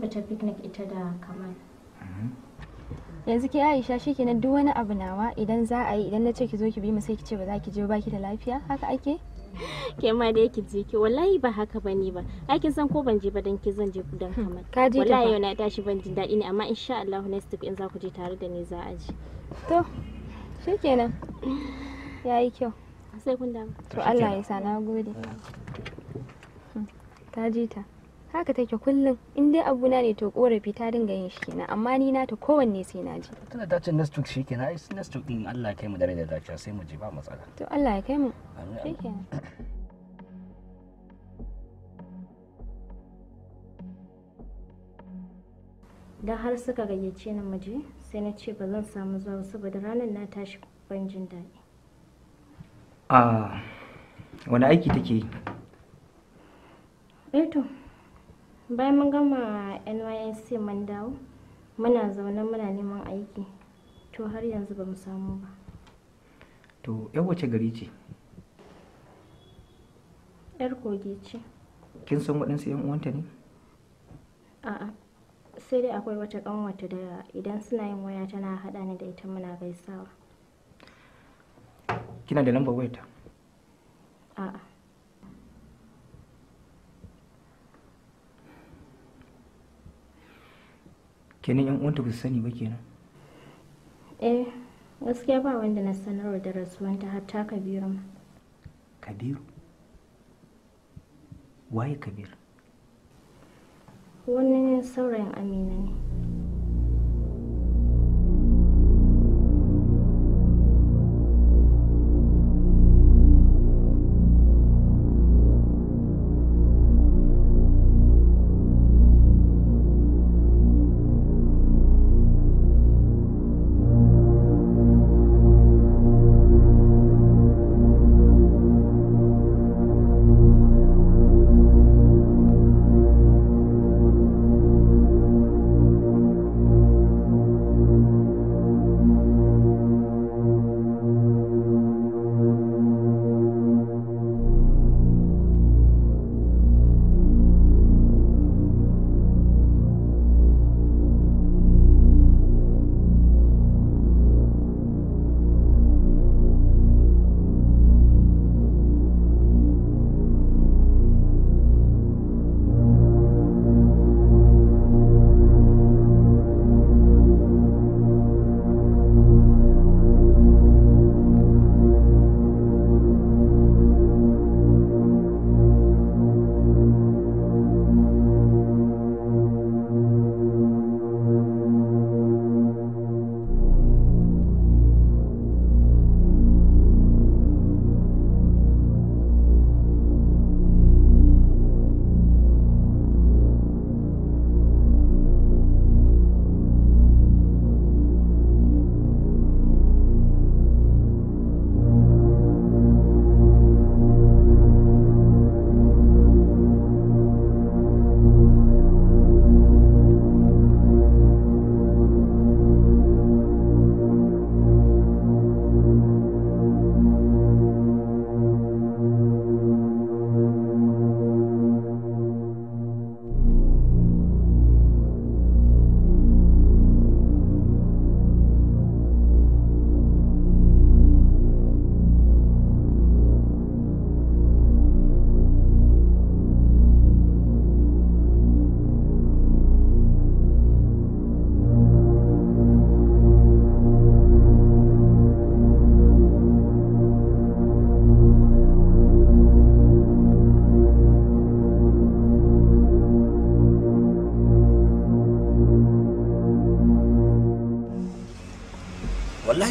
fita picnic ita da kamar. Mm-hmm. yanzu ke aisha shikenan duk wani abu nawa idan za a yi idan na ce ki zo ki bi mu sai ki ce ba za ki je ba ki da lafiya haka ake ke ma da yake je ki wallahi ba haka ba ni ba aikin san ko ban je ba dan ki zan je dan hmm, kamar wallahi yau na tashi ban jin daɗi ne amma insha Allah next week in za ku je tare da ni za a ji to Ya yi kyau sai kun dawo to Allah ya sa na gode hmm, ta ji ta haka take kullum in dai abuna ne to korafi ta dinga yin shi kenan amma ni na ta kowanne sai na ji tana ta ce next week shi kenan ai next week din Allah ya kai mu da rai da dace sai mu je ba matsala to Allah ya kai mu shikenan da har suka gayyace ni muje sai na ce ba zan samu zuwa saboda ranar na tashi ban jin daɗi a ah, wani aiki take yi? Eh to bayan mun gama nysc mun dawo muna zaune muna neman aiki to har yanzu ba mu samu ba to yan wace gari ce yar kogi ce kin san waɗansu yan uwanta ne a'a sai dai akwai wata ƙanwata da idan suna yin waya tana haɗa ni da ita muna gaisawa kina da lambar wayarta a'a kenan yan uwanta ba sani ba kenan eh gaskiya ba wanda na sanarwa da rasuwanta hatta kabiru kabiru waye kabiru wani saurayin amina ne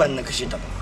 番なくしてたと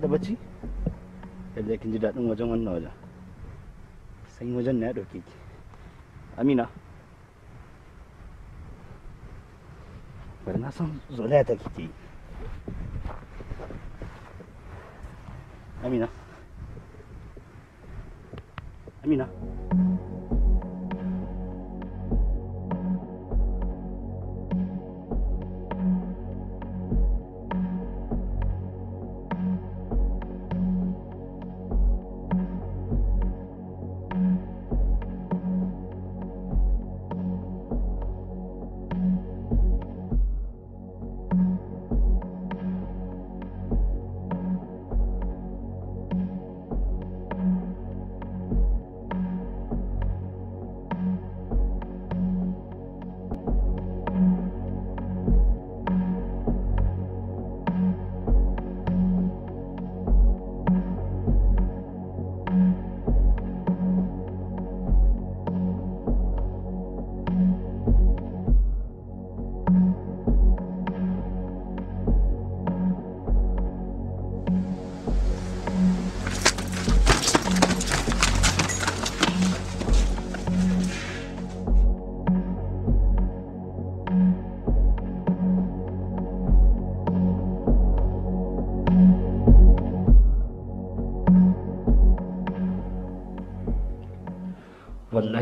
har da bacci yadda kin ji daɗin wajen wannan wajen sanyi wajen na ya ɗauke ki amina bari na san zolaya ta kike yi amina amina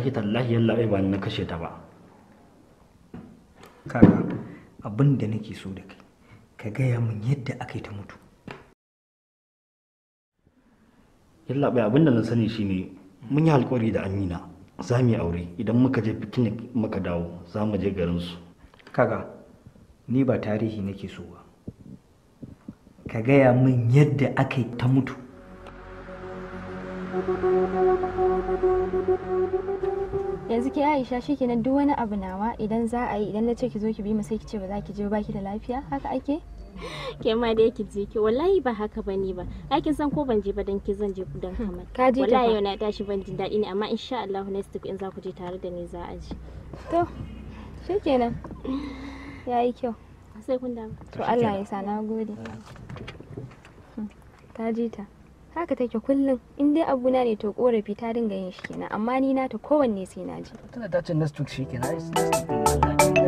wallahi tallahi yalla bai ba na kashe ta ba kaka abin da nake so da kai ka gaya min yadda aka ta mutu yalla bai abin da na sani shine mun yi alkawari da amina za mu yi aure idan muka je picnic muka dawo za mu je garin su kaga ni ba tarihi nake so ba ka gaya min yadda aka ta mutu yanzu ke aisha kenan duk wani abu nawa idan za a yi idan na ce ki zo ki bi mu sai ki ce ba za ki je ba ki da lafiya haka ake ke ma da yake je ki wallahi ba haka ba ne ba aikin san ko ban je ba dan ki zan je ku dan kamar wallahi yau na tashi ban jin daɗi ne amma insha Allah next week in za ku je tare da ni za a je. to kenan yayi kyau sai kun da to Allah ya sa na gode ta ji ta haka take kullum in dai abuna ne to korafi ta dinga yin shi kenan amma ni na ta kowanne sai na ji tana ta ce next week shi kenan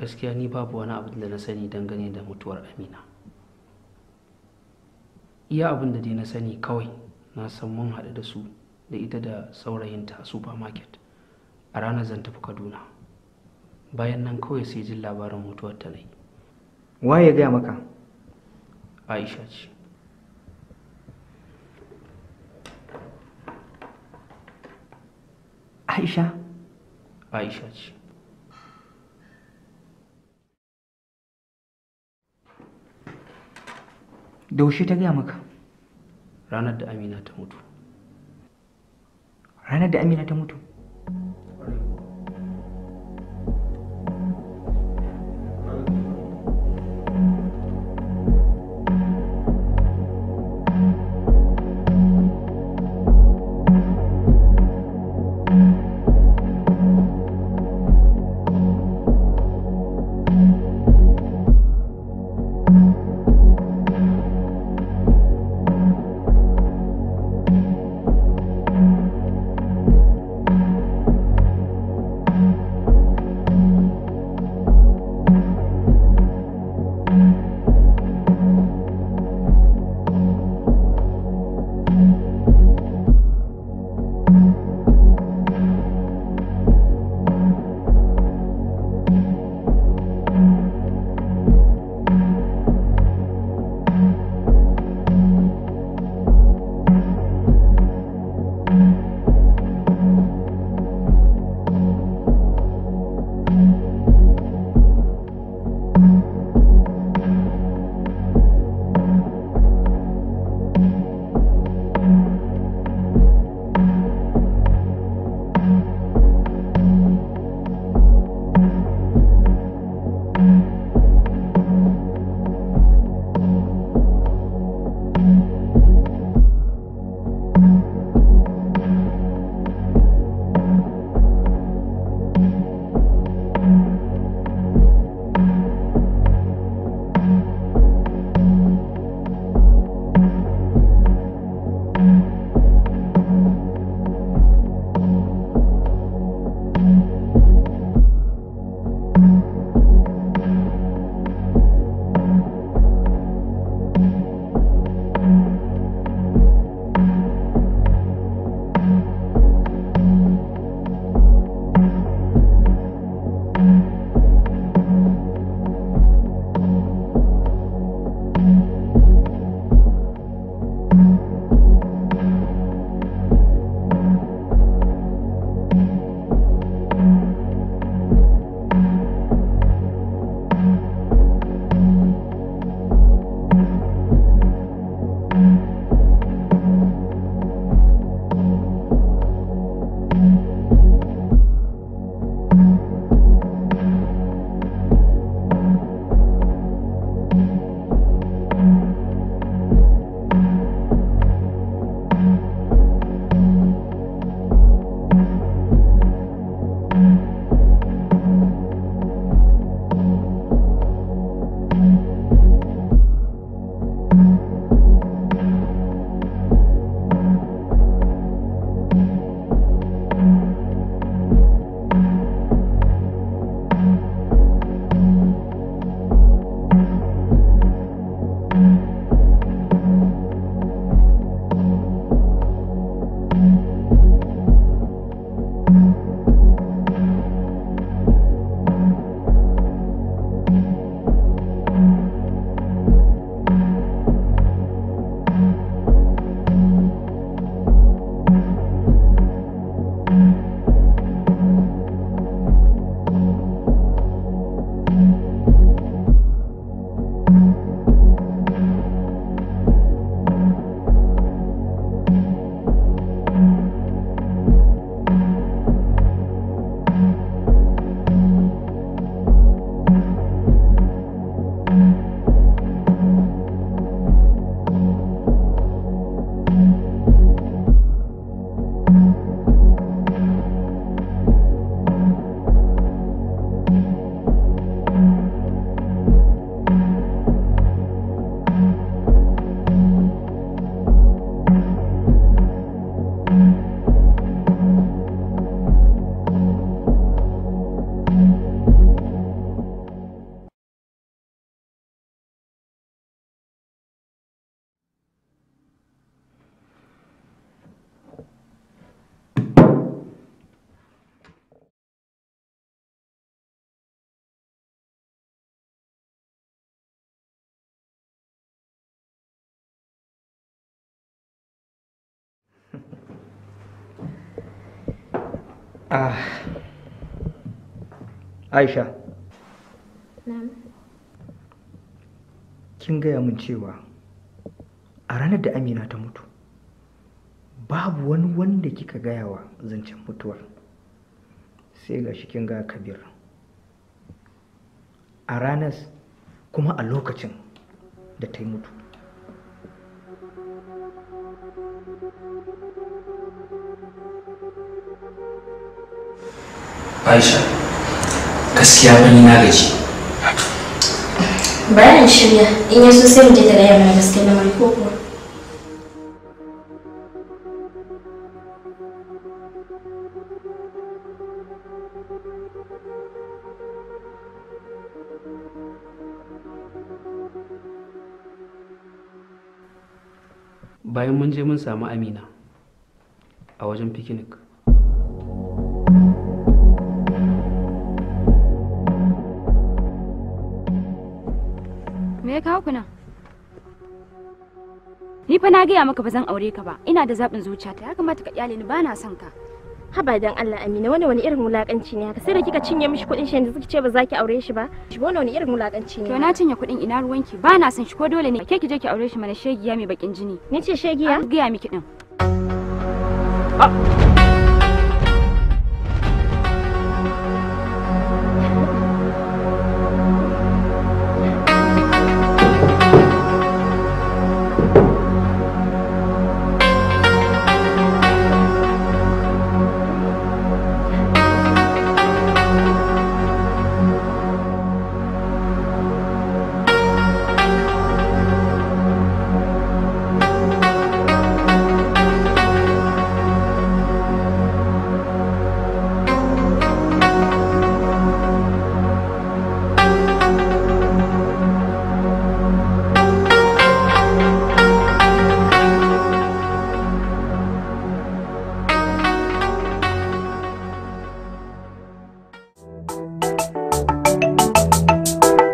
gaskiya ni babu wani abin da na sani dangane da mutuwar amina iya abin da dai na sani kawai na san mun haɗu da su da ita da saurayinta a supermarket a ranar zan tafi kaduna bayan nan kawai sai jin labarin mutuwar ta nai waye ya gaya maka aisha ce aisha aisha ce Da daushe ta gaya maka ranar da amina ta mutu ranar da amina ta mutu Ah. Aisha. Kin gaya min cewa a ranar da Amina ta mutu, babu wani wanda kika gaya wa zancen mutuwar. Sai ga shi kin ga Kabir. A ranar kuma a lokacin da ta mutu. Aisha, gaskiya bani na gaji. Bayan shirya, in yaso sai mu je da yamma gaske na mai ko kuma. bayan mun je mun samu amina a wajen picnic ya kawo ku nan ni fa na gaya maka ba zan aure ka ba ina da zaɓin zuciyata ya kamata ka kyale ni ba na son ka haba dan Allah Amina wani wani irin wulakanci ne haka sai da kika cinye mishi kuɗin shi yanzu kike ce ba za ki aure shi ba shi wani wani irin wulakanci ne to na cinye kuɗin ina ruwanki ba na son shi ko dole ne ke ki je ki aure shi mana shegiya mai bakin jini ni ce shegiya ga ya miki din ah!